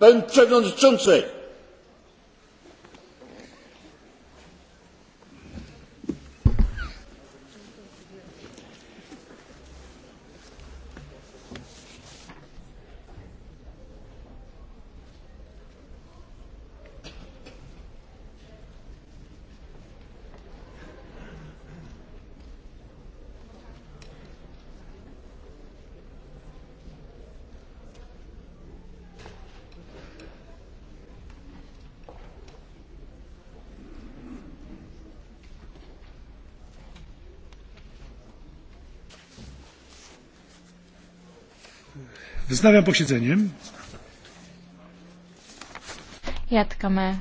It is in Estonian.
Pan przewodniczący! wznawiam posiedzenie jätkame